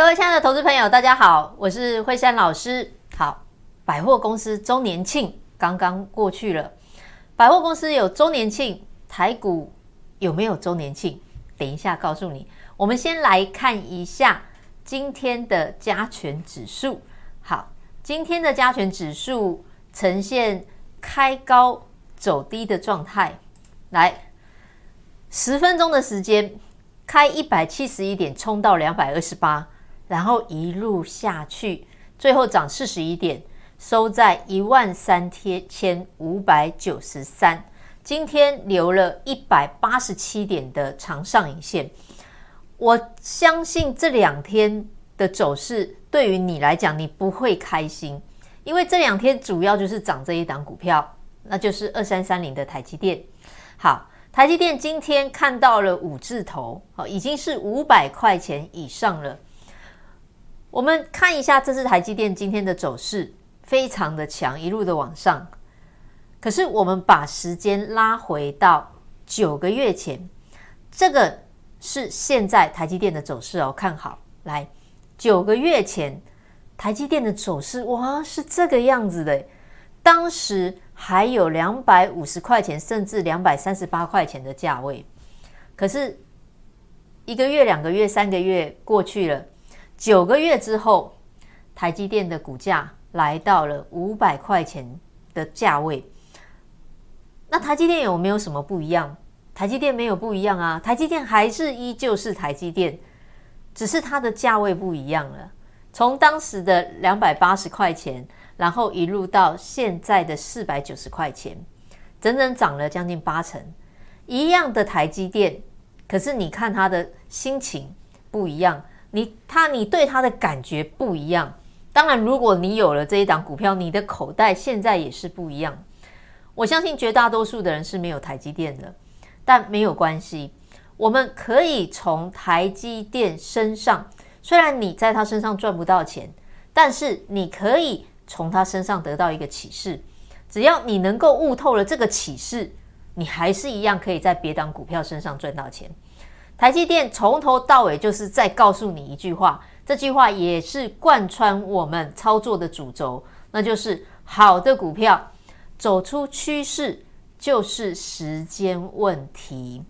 各位親愛的投資朋友，大家好，我是惠珊老師。好，百貨公司週年慶剛剛過去了，百貨公司有週年慶，台股有沒有週年慶？等一下告訴你。我們先來看一下今天的加權指數。好，今天的加權指數呈現開高走低的狀態。來，十分鐘的時間，開一百七十一點，衝到兩百二十八。然後一路下去，最後漲四十一點，收在一萬三千五百九十三。今天留了一百八十七點的長上影線。我相信這兩天的走勢對於你來講，你不會開心，因為這兩天主要就是漲這一檔股票，那就是二三三零的台積電。好，台積電今天看到了五字頭，好，已經是五百塊錢以上了。我們看一下，這隻台積電今天的走勢，非常的強，一路的往上。可是，我們把時間拉回到九個月前，這個是現在台積電的走勢哦，看好。來，九個月前台積電的走勢，哇，是這個樣子的。當時還有兩百五十塊錢，甚至兩百三十八塊錢的價位。可是，一個月、兩個月、三個月過去了。九個月之後，台積電的股價來到了五百塊錢的價位。那台積電有沒有什麼不一樣？台積電沒有不一樣啊，台積電還是依舊是台積電，只是它的價位不一樣了。從當時的兩百八十塊錢，然後一路到現在的四百九十塊錢，整整漲了將近八成。一樣的台積電，可是你看它的心情不一樣。你他你對他的感覺不一樣，當然，如果你有了這一檔股票，你的口袋現在也是不一樣。我相信絕大多數的人是沒有台積電的，但沒有關係，我們可以從台積電身上，雖然你在他身上賺不到錢，但是你可以從他身上得到一個啟示。只要你能夠悟透了這個啟示，你還是一樣可以在別檔股票身上賺到錢。台積電從頭到尾就是在告訴你一句話，這句話也是貫穿我們操作的主軸，那就是好的股票走出趨勢就是時間問題。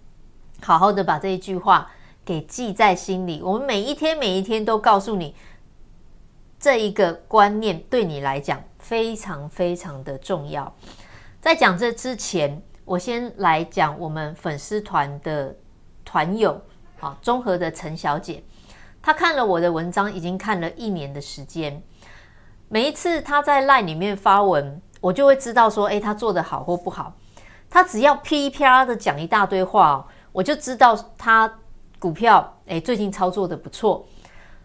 好好的把這一句話給記在心裡，我們每一天每一天都告訴你，這一個觀念對你來講非常非常的重要。在講這之前，我先來講我們粉絲團的。團友，啊，中和的陳小姐，她看了我的文章，已經看了一年的時間。每一次她在 line 裡面發文，我就會知道說，誒、哎，她做的好或不好。她只要噼里啪啦的講一大堆話，我就知道她股票，誒、哎，最近操作的不錯。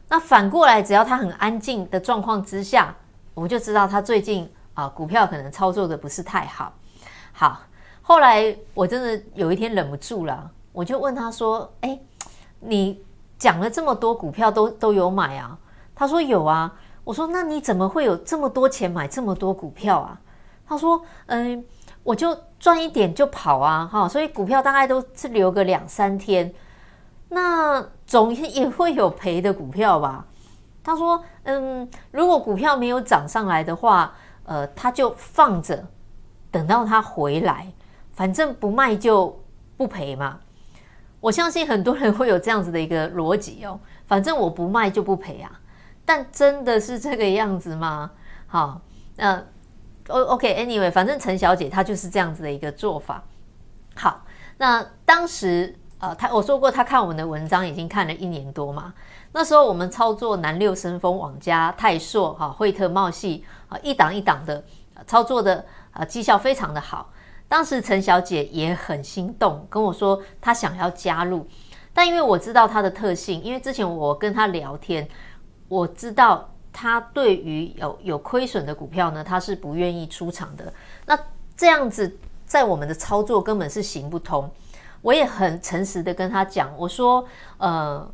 那反過來，只要他很安靜的狀況之下，我就知道他最近啊，股票可能操作的不是太好。好，後來我真的有一天忍不住了，啊。我就問他說：“哎，你講了這麼多股票都都有買啊？”他說：“有啊。”我說：“那你怎麼會有這麼多錢買這麼多股票啊？”他說：“嗯，我就賺一點就跑啊，哈，所以股票大概都是留個兩三天。那總也會有賠的股票吧？”他說：“嗯，如果股票沒有漲上來的話，呃，他就放着，等到他回來，反正不賣就不賠嘛。”我相信很多人會有這樣子的一個邏輯哦，反正我不賣就不賠啊。但真的是這個樣子嗎？好，那、呃、O OK Anyway，反正陳小姐她就是這樣子的一個做法。好，那當時啊，她、呃、我說過，她看我們的文章已經看了一年多嘛。那時候我們操作南六生風網家、網加泰碩、哈、啊、惠特茂矽，啊，一檔一檔的操作的啊，績效非常的好。當時陳小姐也很心動，跟我說她想要加入，但因為我知道她的特性，因為之前我跟她聊天，我知道她對於有有虧損的股票呢，她是不願意出場的。那這樣子在我們的操作根本是行不通。我也很誠實的跟她講，我說呃，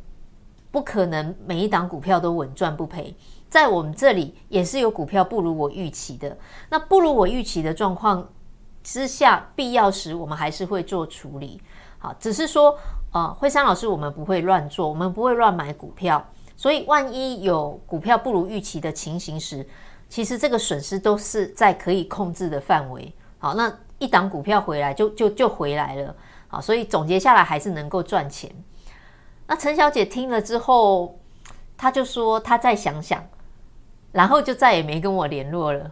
不可能每一檔股票都穩賺不賠，在我們這裡也是有股票不如我預期的。那不如我預期的狀況。之下，必要時我們還是會做處理。好，只是說，呃，惠珊老師，我們不會亂做，我們不會亂買股票。所以，萬一有股票不如預期的情形時，其實這個損失都是在可以控制的範圍。好，那一檔股票回來就就就回來了。好，所以總結下來還是能夠賺錢。那陳小姐聽了之後，她就說她再想想，然後就再也沒跟我聯絡了。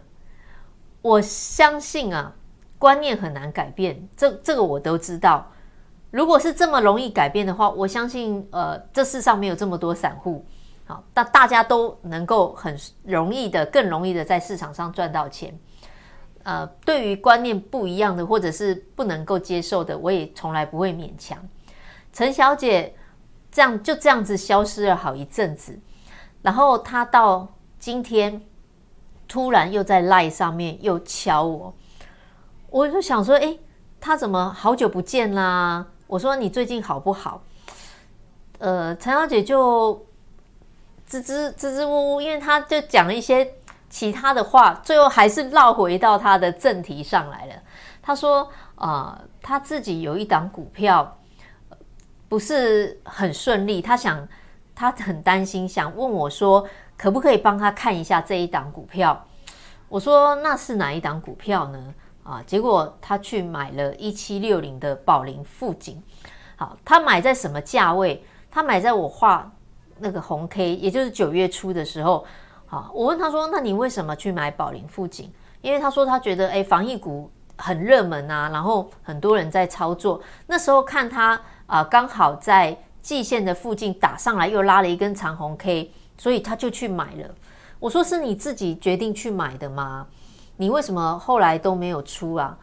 我相信啊。觀念很難改變，這這個我都知道。如果是這麼容易改變的話，我相信，呃，這世上沒有這麼多散戶，好、啊，但大家都能夠很容易的、更容易的在市場上賺到錢。呃，對於觀念不一樣的，或者是不能夠接受的，我也從來不會勉強。陳小姐這樣就這樣子消失了好一陣子，然後她到今天突然又在 LINE 上面又敲我。我就想說，誒、欸，他怎麼好久不見啦、啊？我說你最近好不好？呃，陳小姐就支支支支吾吾，因為他就講了一些其他的話，最後還是繞回到他的正題上來了。他說，啊、呃，他自己有一檔股票不是很順利，他想他很擔心，想問我說，可不可以幫他看一下這一檔股票？我說那是哪一檔股票呢？啊，結果他去買了一七六零的寶齡富錦，好、啊，他買在什麼價位？他買在我畫那個紅 K，也就是九月初的時候。好、啊，我問他說：“那你為什麼去買寶齡富錦？”因為他說他覺得哎，防疫股很熱門啊，然後很多人在操作。那時候看他啊、呃，剛好在季線的附近打上來，又拉了一根長紅 K，所以他就去買了。我說：“是你自己決定去買的嗎？”你為什麼後來都沒有出啊？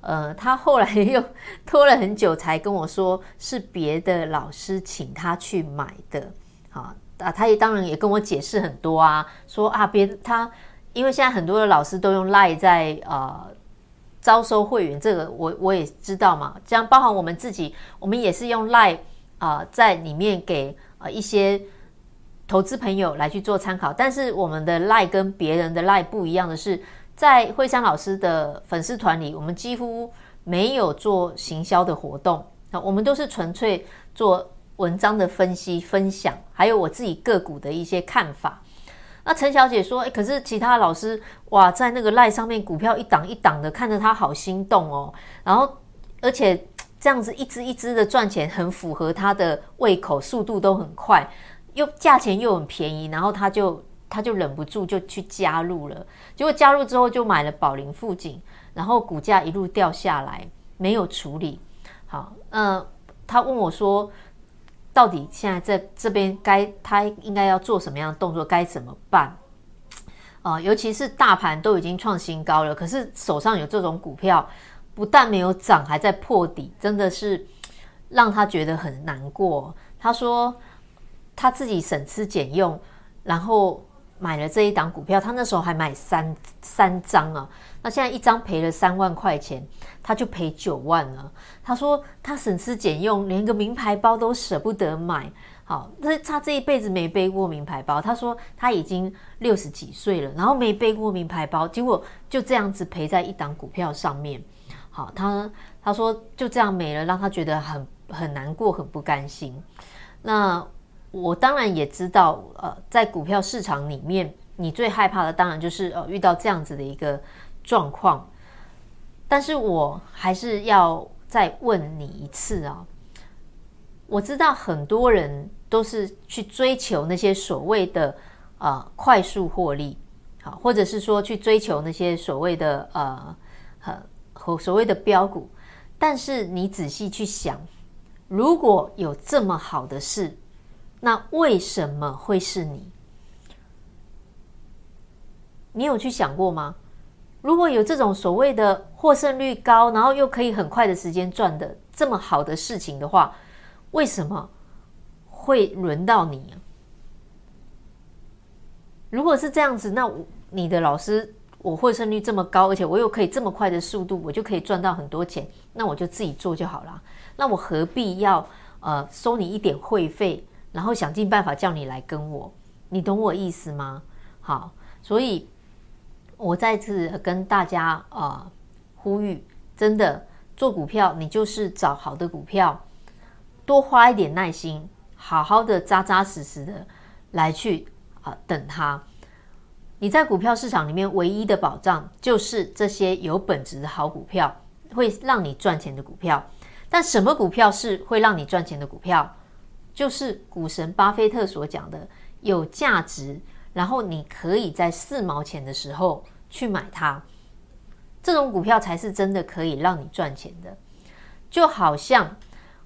呃，他後來又拖了很久才跟我說是別的老師請他去買的。啊啊，他也當然也跟我解釋很多啊，說啊，別他因為現在很多的老師都用 LINE 在呃招收會員，這個我我也知道嘛。這樣包含我們自己，我們也是用 LINE 啊，呃，在裡面給呃一些投資朋友來去做參考。但是我們的 LINE 跟別人的 LINE 不一樣的是。在惠珊老師的粉絲團裡，我們幾乎沒有做行銷的活動啊，那我們都是純粹做文章的分析、分享，還有我自己個股的一些看法。那陳小姐說：“誒、欸，可是其他老師哇，在那個賴上面股票一檔一檔的，看着他好心動哦。然後，而且這樣子一隻一隻的賺錢，很符合他的胃口，速度都很快，又價錢又很便宜，然後他就。”他就忍不住就去加入了，結果加入之後就買了寶齡富錦，然後股價一路掉下來，沒有處理好。嗯，他問我說：“到底現在在這邊該他應該要做什麼樣的動作？該怎麼辦？”啊，尤其是大盤都已經創新高了，可是手上有這種股票，不但沒有漲，還在破底，真的是讓他覺得很難過。他說他自己省吃儉用，然後。買了這一檔股票，他那時候還買三三張啊，那現在一張賠了三萬塊錢，他就賠九萬了。他說他省吃儉用，連個名牌包都捨不得買。好，他他這一輩子沒背過名牌包。他說他已經六十幾歲了，然後沒背過名牌包，結果就這樣子賠在一檔股票上面。好，他他說就這樣沒了，讓他覺得很很難過，很不甘心。那我當然也知道，呃，在股票市場裡面，你最害怕的當然就是呃遇到這樣子的一個狀況。但是我還是要再問你一次啊！我知道很多人都是去追求那些所謂的呃快速獲利，好，或者是說去追求那些所謂的呃和和所謂的飆股。但是你仔細去想，如果有這麼好的事，那為什麼會是你？你有去想過嗎？如果有這種所謂的獲勝率高，然後又可以很快的時間賺的這麼好的事情的話，為什麼會輪到你？如果是這樣子，那我你的老師，我獲勝率這麼高，而且我又可以這麼快的速度，我就可以賺到很多錢，那我就自己做就好啦。那我何必要呃收你一點會費？然後想盡辦法叫你來跟我，你懂我意思嗎？好，所以我再次跟大家啊、呃、呼籲，真的做股票，你就是找好的股票，多花一點耐心，好好的扎扎實實的來去啊、呃、等它。你在股票市場裡面唯一的保障就是這些有本質的好股票，會讓你賺錢的股票。但什麼股票是會讓你賺錢的股票？就是股神巴菲特所講的有價值，然後你可以在四毛錢的時候去買它，這種股票才是真的可以讓你賺錢的。就好像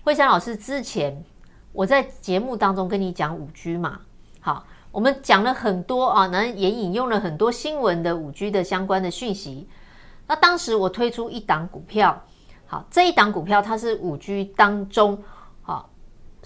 惠珊老師之前我在節目當中跟你講五 G 嘛，好，我們講了很多啊，能也引用了很多新聞的五 G 的相關的訊息。那當時我推出一檔股票，好，這一檔股票它是五 G 當中。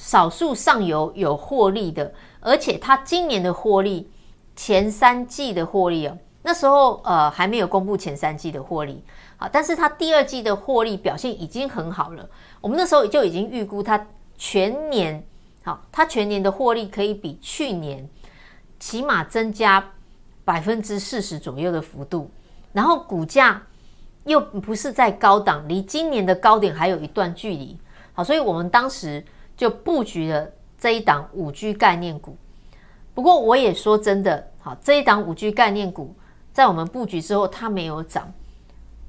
少數上游有獲利的，而且它今年的獲利，前三季的獲利哦。那時候呃還沒有公布前三季的獲利，好，但是它第二季的獲利表現已經很好了。我們那時候就已經預估它全年，好，它全年的獲利可以比去年起碼增加百分之四十左右的幅度，然後股價又不是在高檔，離今年的高點還有一段距離，好，所以我們當時。就佈局了這一檔 5G 概念股，不過我也說真的，好，這一檔 5G 概念股在我們佈局之後，它沒有漲，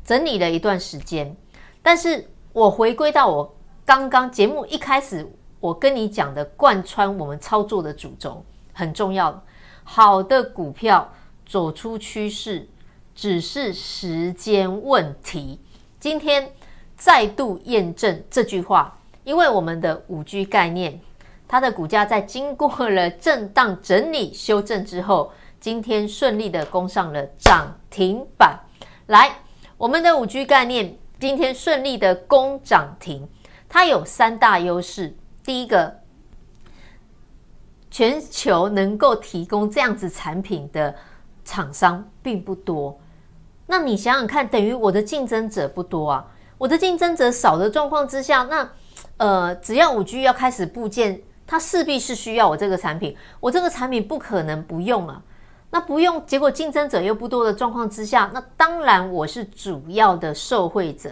整理了一段時間。但是我回歸到我剛剛節目一開始我跟你講的，貫穿我們操作的主軸很重要，好的股票走出趨勢只是時間問題。今天再度驗證這句話。因為我們的 5G 概念，它的股價在經過了震盪整理修正之後，今天順利的攻上了漲停板。來，我們的 5G 概念今天順利的攻漲停，它有三大優勢。第一個，全球能夠提供這樣子產品的廠商並不多。那你想想看，等於我的競爭者不多啊。我的競爭者少的狀況之下，那呃，只要五 G 要開始布建，它勢必是需要我這個產品，我這個產品不可能不用了、啊。那不用，結果競爭者又不多的狀況之下，那當然我是主要的受惠者，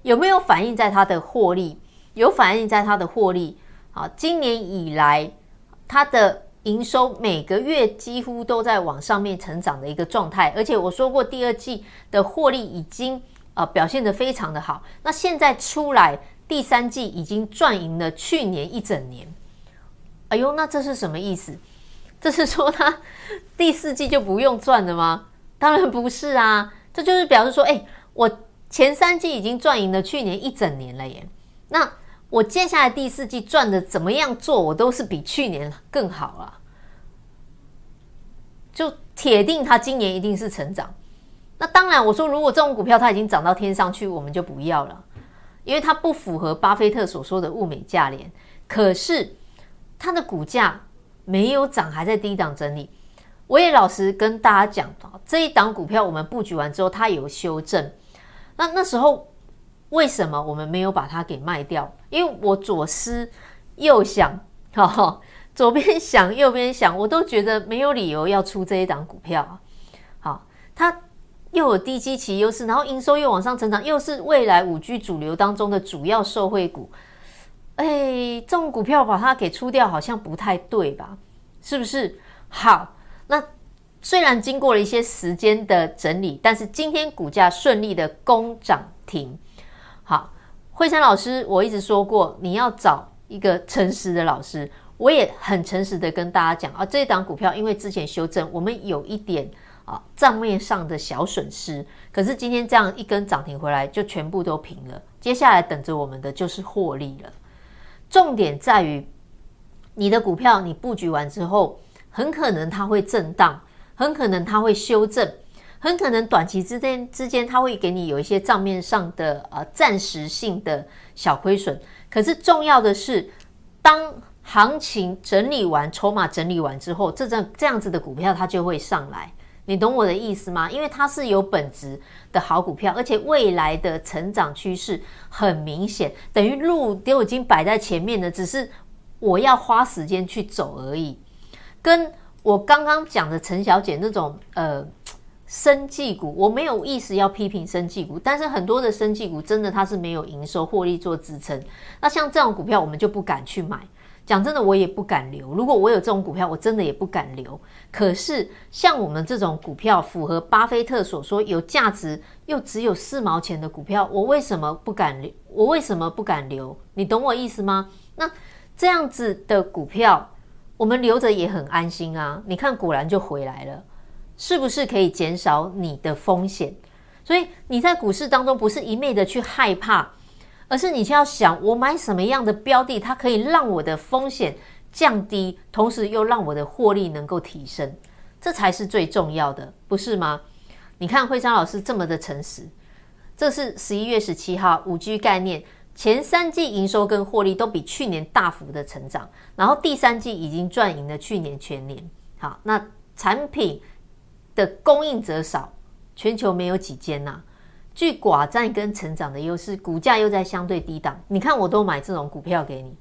有沒有反映在它的獲利？有反映在它的獲利。好、啊，今年以來，它的營收每個月幾乎都在往上面成長的一個狀態，而且我說過，第二季的獲利已經，啊、呃，表現得非常的好。那現在出來第三季已經賺贏了去年一整年。哎呦，那這是什麼意思？這是說他第四季就不用賺了嗎？當然不是啊，這就是表示說，哎、欸，我前三季已經賺贏了去年一整年了耶。那我接下來第四季賺得怎麼樣做，我都是比去年更好了、啊。就鐵定他今年一定是成長。那當然，我說如果這種股票它已經漲到天上去，我們就不要了，因為它不符合巴菲特所說的物美價廉。可是它的股價沒有漲，還在低檔整理。我也老實跟大家講，這一檔股票我們佈局完之後，它有修正。那那時候為什麼我們沒有把它給賣掉？因為我左思右想，哦，左邊想右邊想，我都覺得沒有理由要出這一檔股票。好，哦，它。又有低基期優勢，然後營收又往上成長，又是未來五 G 主流當中的主要受惠股。誒、哎，這種股票把它給出掉，好像不太對吧？是不是？好，那雖然經過了一些時間的整理，但是今天股價順利的攻漲停。好，惠珊老師，我一直說過，你要找一個誠實的老師，我也很誠實的跟大家講啊，這一檔股票因為之前修正，我們有一點。賬面上的小損失，可是今天這樣一根漲停回來就全部都平了。接下來等着我們的就是獲利了。重點在於，你的股票你布局完之後，很可能它會震盪，很可能它會修正，很可能短期之間之間它會給你有一些賬面上的呃暫時性的小虧損。可是重要的是，當行情整理完，籌碼整理完之後，這張這樣子的股票它就會上來。你懂我的意思嗎？因為它是有本質的好股票，而且未來的成長趨勢很明顯，等於路都已經擺在前面了，只是我要花時間去走而已。跟我剛剛講的陳小姐那種呃，生技股，我沒有意思要批評生技股，但是很多的生技股真的它是沒有營收獲利做支撐，那像這種股票我們就不敢去買。講真的，我也不敢留。如果我有這種股票，我真的也不敢留。可是像我們這種股票，符合巴菲特所說有價值又只有四毛錢的股票，我為什麼不敢留？我為什麼不敢留？你懂我意思嗎？那這樣子的股票，我們留着也很安心啊。你看，果然就回來了，是不是可以減少你的風險？所以你在股市當中，不是一味的去害怕。而是你就要想，我買什麼樣的標的，它可以讓我的風險降低，同時又讓我的獲利能夠提升，這才是最重要的，不是嗎？你看惠珊老師這麼的誠實，這是十一月十七號，五 G 概念前三季營收跟獲利都比去年大幅的成長，然後第三季已經賺贏了去年全年。好，那產品的供應者少，全球沒有幾間吶、啊。具寡占跟成長的優勢，股價又在相對低檔。你看，我都買這種股票給你，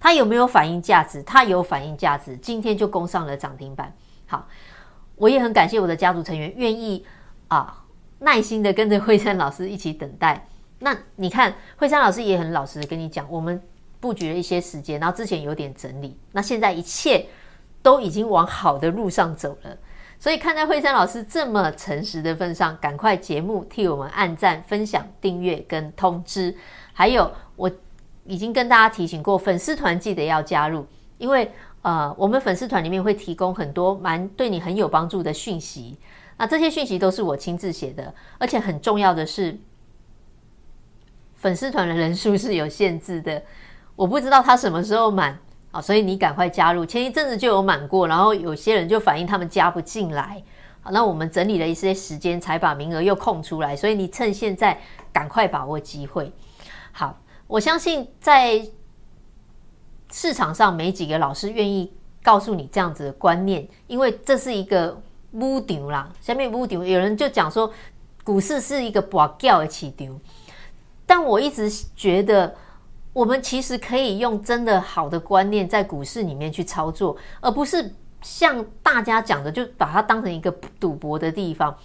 它有沒有反映價值？它有反映價值，今天就攻上了漲停板。好，我也很感謝我的家族成員願意啊，耐心的跟着惠珊老師一起等待。那你看，惠珊老師也很老實的跟你講，我們布局了一些時間，然後之前有點整理，那現在一切都已經往好的路上走了。所以，看在惠珊老師這麼誠實的份上，趕快節目替我們按讚、分享、訂閱跟通知。還有，我已經跟大家提醒過，粉絲團記得要加入，因為呃，我們粉絲團裡面會提供很多蠻對你很有幫助的訊息。那這些訊息都是我親自寫的，而且很重要的是，粉絲團的人數是有限制的，我不知道他什麼時候滿。啊，所以你趕快加入。前一陣子就有滿過，然後有些人就反映他們加不進來。好，那我們整理了一些時間，才把名額又空出來。所以你趁現在趕快把握機會。好，我相信在市場上沒幾個老師願意告訴你這樣子的觀念，因為這是一個污頂啦。下面污頂有人就講說，股市是一個不掉而起丟。但我一直覺得。我們其實可以用真的好的觀念在股市裡面去操作，而不是像大家講的，就把它當成一個賭博的地方。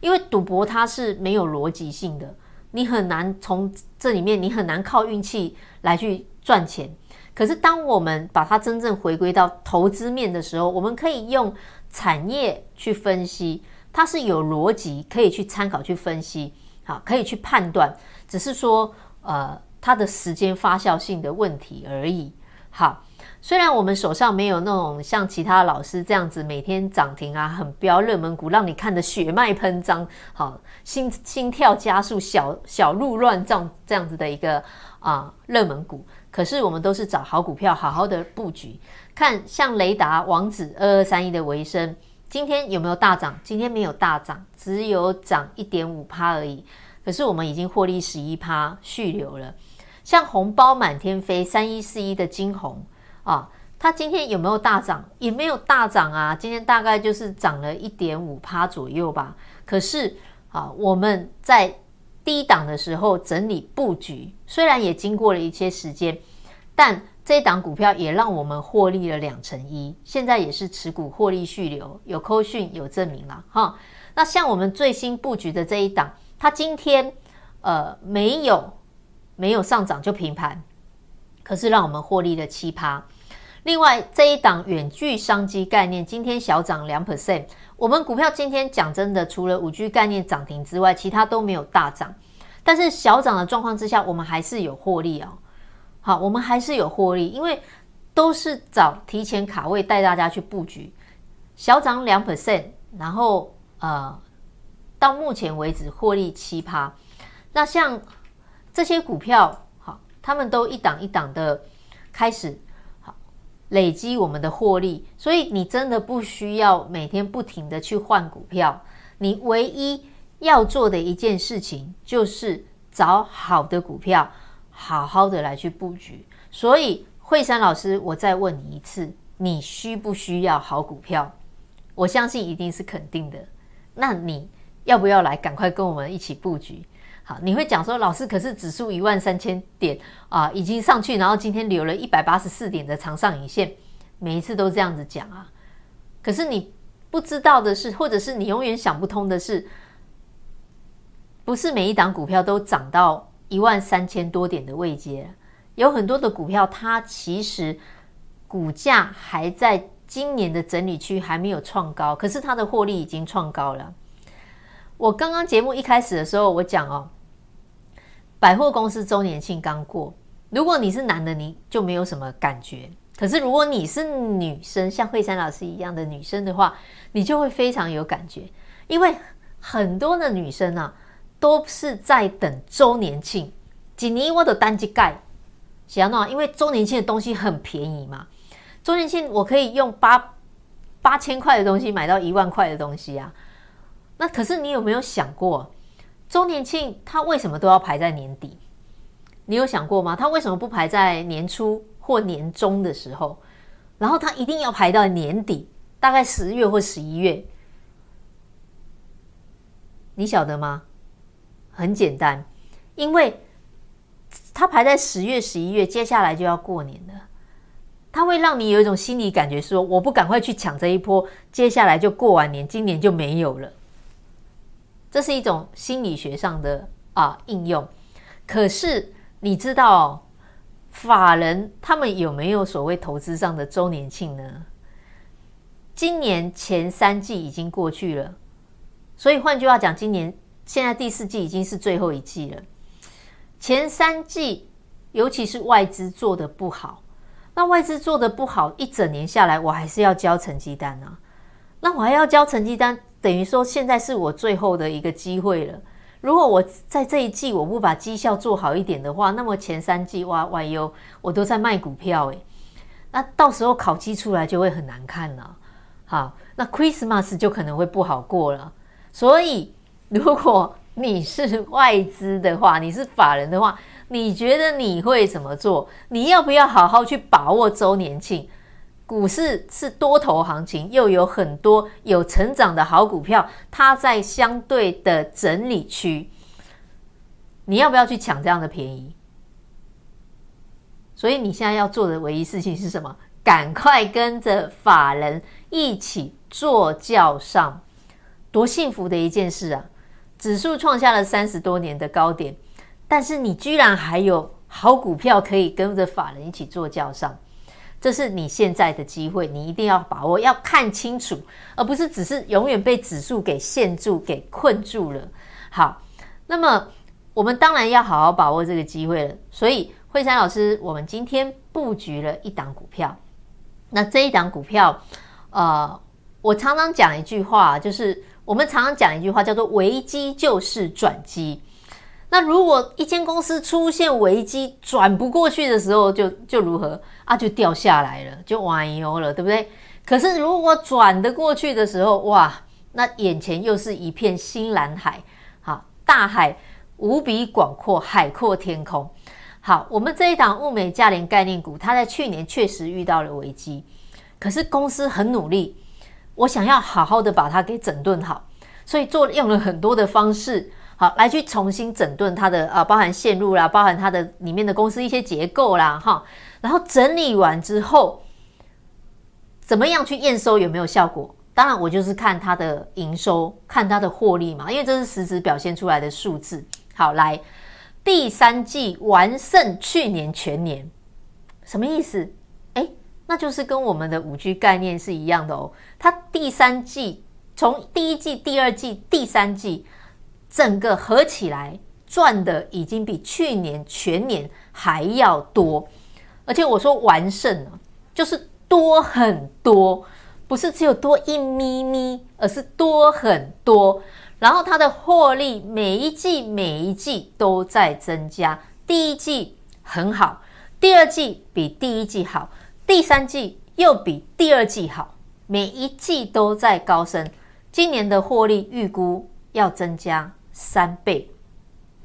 因為賭博它是沒有邏輯性的，你很難從這裡面，你很難靠運氣來去賺錢。可是，當我們把它真正回歸到投資面的時候，我們可以用產業去分析，它是有邏輯，可以去參考、去分析，好，可以去判斷。只是說，呃。它的時間發酵性的問題而已。好，雖然我們手上沒有那種像其他老師這樣子每天漲停啊，很飆熱門股，讓你看得血脈噴張，好心，心跳加速，小小鹿亂撞這樣子的一個啊熱門股。可是我們都是找好股票，好好的布局。看像雷達王子、二二三一的為升，今天有沒有大漲？今天沒有大漲，只有漲一點五趴而已。可是我們已經獲利十一趴，續留了。像紅包滿天飛，三一四一的晶宏啊，它今天有沒有大漲？也沒有大漲啊，今天大概就是漲了一點五趴左右吧。可是啊，我們在低檔的時候整理布局，雖然也經過了一些時間，但這一檔股票也讓我們獲利了兩成一，現在也是持股獲利續留，有扣訊有證明了、啊、哈。那像我們最新布局的這一檔，它今天呃沒有。沒有上漲就平盤，可是讓我們獲利了七趴。另外這一檔遠距商機概念今天小漲兩 percent，我們股票今天講真的，除了五 G 概念漲停之外，其他都沒有大漲。但是小漲的狀況之下，我們還是有獲利哦。好，我們還是有獲利，因為都是早提前卡位帶大家去布局，小漲兩 percent，然後呃，到目前為止獲利七趴。那像。這些股票，好，他們都一檔一檔的開始，好，累積我們的獲利。所以你真的不需要每天不停的去換股票，你唯一要做的一件事情就是找好的股票，好好的來去布局。所以惠珊老師，我再問你一次，你需不需要好股票？我相信一定是肯定的。那你要不要來，趕快跟我們一起布局。好，你會講說，老師，可是指數一萬三千點啊，已經上去，然後今天留了一百八十四點的長上影線，每一次都這樣子講啊。可是你不知道的是，或者是你永遠想不通的是，不是每一檔股票都漲到一萬三千多點的位階，有很多的股票它其實股價還在今年的整理區還沒有創高，可是它的獲利已經創高了。我剛剛節目一開始的時候，我講哦。百貨公司周年慶剛過，如果你是男的，你就沒有什麼感覺；可是如果你是女生，像惠珊老師一樣的女生的話，你就會非常有感覺，因為很多的女生啊都是在等周年慶。j e 我的單機蓋，想要因為周年慶的東西很便宜嘛，周年慶我可以用八八千塊的東西買到一萬塊的東西啊。那可是你有沒有想過？週年慶他為什麼都要排在年底？你有想過嗎？他為什麼不排在年初或年中的時候？然後他一定要排到年底，大概十月或十一月，你曉得嗎？很簡單，因為他排在十月、十一月，接下來就要過年了，他會讓你有一種心理感覺說，說我不趕快去搶這一波，接下來就過完年，今年就沒有了。這是一種心理學上的啊應用，可是你知道，哦，法人他們有沒有所謂投資上的周年慶呢？今年前三季已經過去了，所以換句話講，今年現在第四季已經是最後一季了。前三季尤其是外資做得不好，那外資做得不好，一整年下來，我還是要交成績單啊。那我還要交成績單，等於說現在是我最後的一個機會了。如果我在這一季我不把績效做好一點的話，那麼前三季哇，哇呦我都在賣股票，誒。那到時候考績出來就會很難看了。好，那 Christmas 就可能會不好過了。所以如果你是外資的話，你是法人的話，你覺得你會怎麼做？你要不要好好去把握周年慶？股市是多頭行情，又有很多有成長的好股票，它在相對的整理區，你要不要去搶這樣的便宜？所以你現在要做的唯一事情是什麼？趕快跟着法人一起坐轎上，多幸福的一件事啊！指數創下了三十多年的高點，但是你居然還有好股票可以跟着法人一起坐轎上。這是你現在的機會，你一定要把握，要看清楚，而不是只是永遠被指數給限住、給困住了。好，那麼我們當然要好好把握這個機會了。所以，惠珊老師，我們今天布局了一檔股票。那這一檔股票，呃，我常常講一句話，就是我們常常講一句話，叫做“危機就是轉機”。那如果一間公司出現危機轉不過去的時候就，就就如何啊？就掉下來了，就歪腰了，對不對？可是如果轉得過去的時候，哇，那眼前又是一片新藍海，好，大海無比廣闊，海闊天空。好，我們這一檔物美價廉概念股，它在去年確實遇到了危機，可是公司很努力，我想要好好的把它給整頓好，所以做用了很多的方式。好，來去重新整頓它的啊，包含線路啦，包含它的裡面的公司一些結構啦，哈，然後整理完之後，怎麼樣去驗收有沒有效果？當然，我就是看它的營收，看它的獲利嘛，因為這是實質表現出來的數字。好，來第三季完勝去年全年，什麼意思？哎、欸，那就是跟我們的 5G 概念是一樣的哦。它第三季從第一季、第二季、第三季。整個合起來賺的已經比去年全年還要多，而且我說完勝了，就是多很多，不是只有多一咪咪，而是多很多。然後它的獲利每一季每一季都在增加，第一季很好，第二季比第一季好，第三季又比第二季好，每一季都在高升。今年的獲利預估要增加三倍，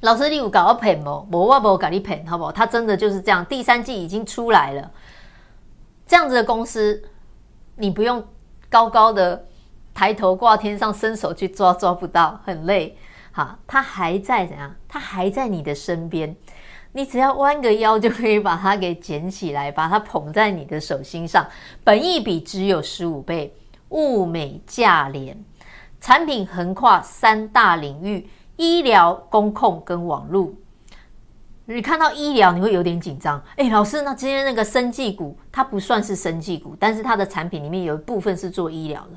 老師，你有搞到 p 哦，我沒有搞你 p 好不好？它真的就是這樣。第三季已經出來了，這樣子的公司，你不用高高的抬頭掛天上伸手去抓，抓不到，很累。哈、啊，它還在怎樣？它還在你的身邊，你只要彎個腰就可以把它給撿起來，把它捧在你的手心上。本益比只有十五倍，物美價廉，產品橫跨三大領域，醫療、工控、跟網絡，你看到醫療你會有點緊張。誒、欸，老師，那今天那個生技股它不算是生技股，但是它的產品裡面有一部分是做醫療的。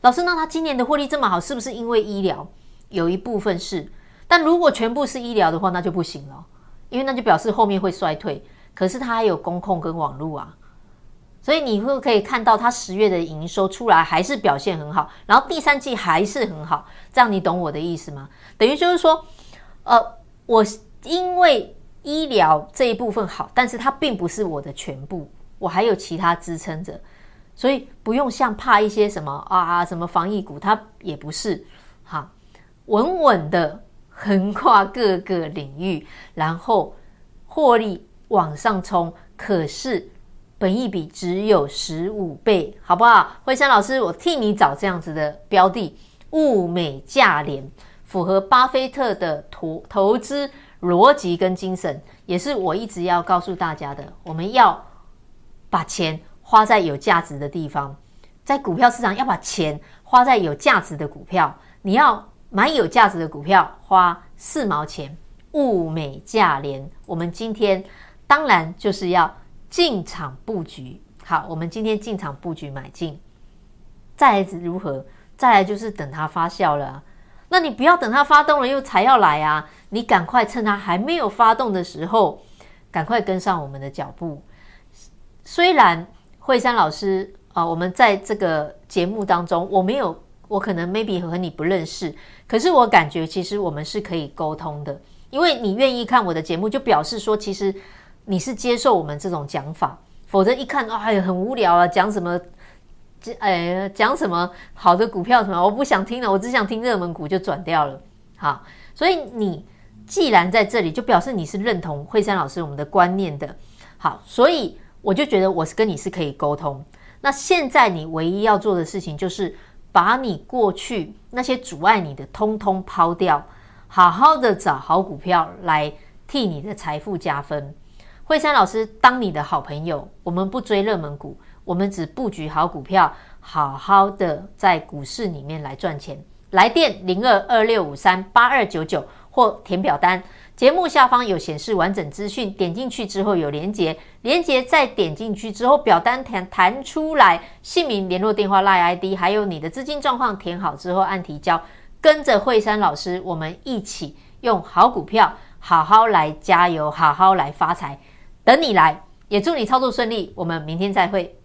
老師，那它今年的獲利這麼好，是不是因為醫療有一部分是？但如果全部是醫療的話，那就不行了，因為那就表示後面會衰退。可是它還有工控跟網絡啊。所以你會可以看到，它十月的營收出來還是表現很好，然後第三季還是很好，這樣你懂我的意思嗎？等於就是說，呃，我因為醫療這一部分好，但是它並不是我的全部，我還有其他支撐着，所以不用像怕一些什麼啊，什麼防疫股，它也不是哈、啊，穩穩的橫跨各個領域，然後獲利往上衝，可是。本益比只有十五倍，好不好？惠珊老師，我替你找這樣子的標的，物美價廉，符合巴菲特的投投資邏輯跟精神，也是我一直要告訴大家的。我們要把錢花在有價值的地方，在股票市場要把錢花在有價值的股票。你要買有價值的股票，花四毛錢，物美價廉。我們今天當然就是要。進場佈局，好，我們今天進場佈局買進，再來如何？再來就是等它發酵了啊。那你不要等它發動了又才要來啊！你趕快趁它還沒有發動的時候，趕快跟上我們的腳步。雖然惠珊老師啊，我們在這個節目當中，我沒有，我可能 maybe 和你不認識，可是我感覺其實我們是可以溝通的，因為你願意看我的節目，就表示說其實。你是接受我們這種講法，否則一看，哎呀，很無聊啊！講什麼，哎，講什麼好的股票什麼，我不想聽了，我只想聽熱門股就轉掉了。好，所以你既然在這裡，就表示你是認同惠珊老師我們的觀念的。好，所以我就覺得我是跟你是可以溝通。那現在你唯一要做的事情，就是把你過去那些阻礙你的通通拋掉，好好的找好股票來替你的財富加分。惠珊老師，當你的好朋友，我們不追熱門股，我們只布局好股票，好好的在股市裡面來賺錢。來電零二二六五三八二九九或填表單，節目下方有顯示完整資訊，點進去之後有連結，連結再點進去之後，表單彈彈出來，姓名、聯絡電話、LINE ID，還有你的資金狀況填好之後按提交，跟着惠珊老師，我們一起用好股票，好好來加油，好好來發財。等你來，也祝你操作順利，我們明天再會。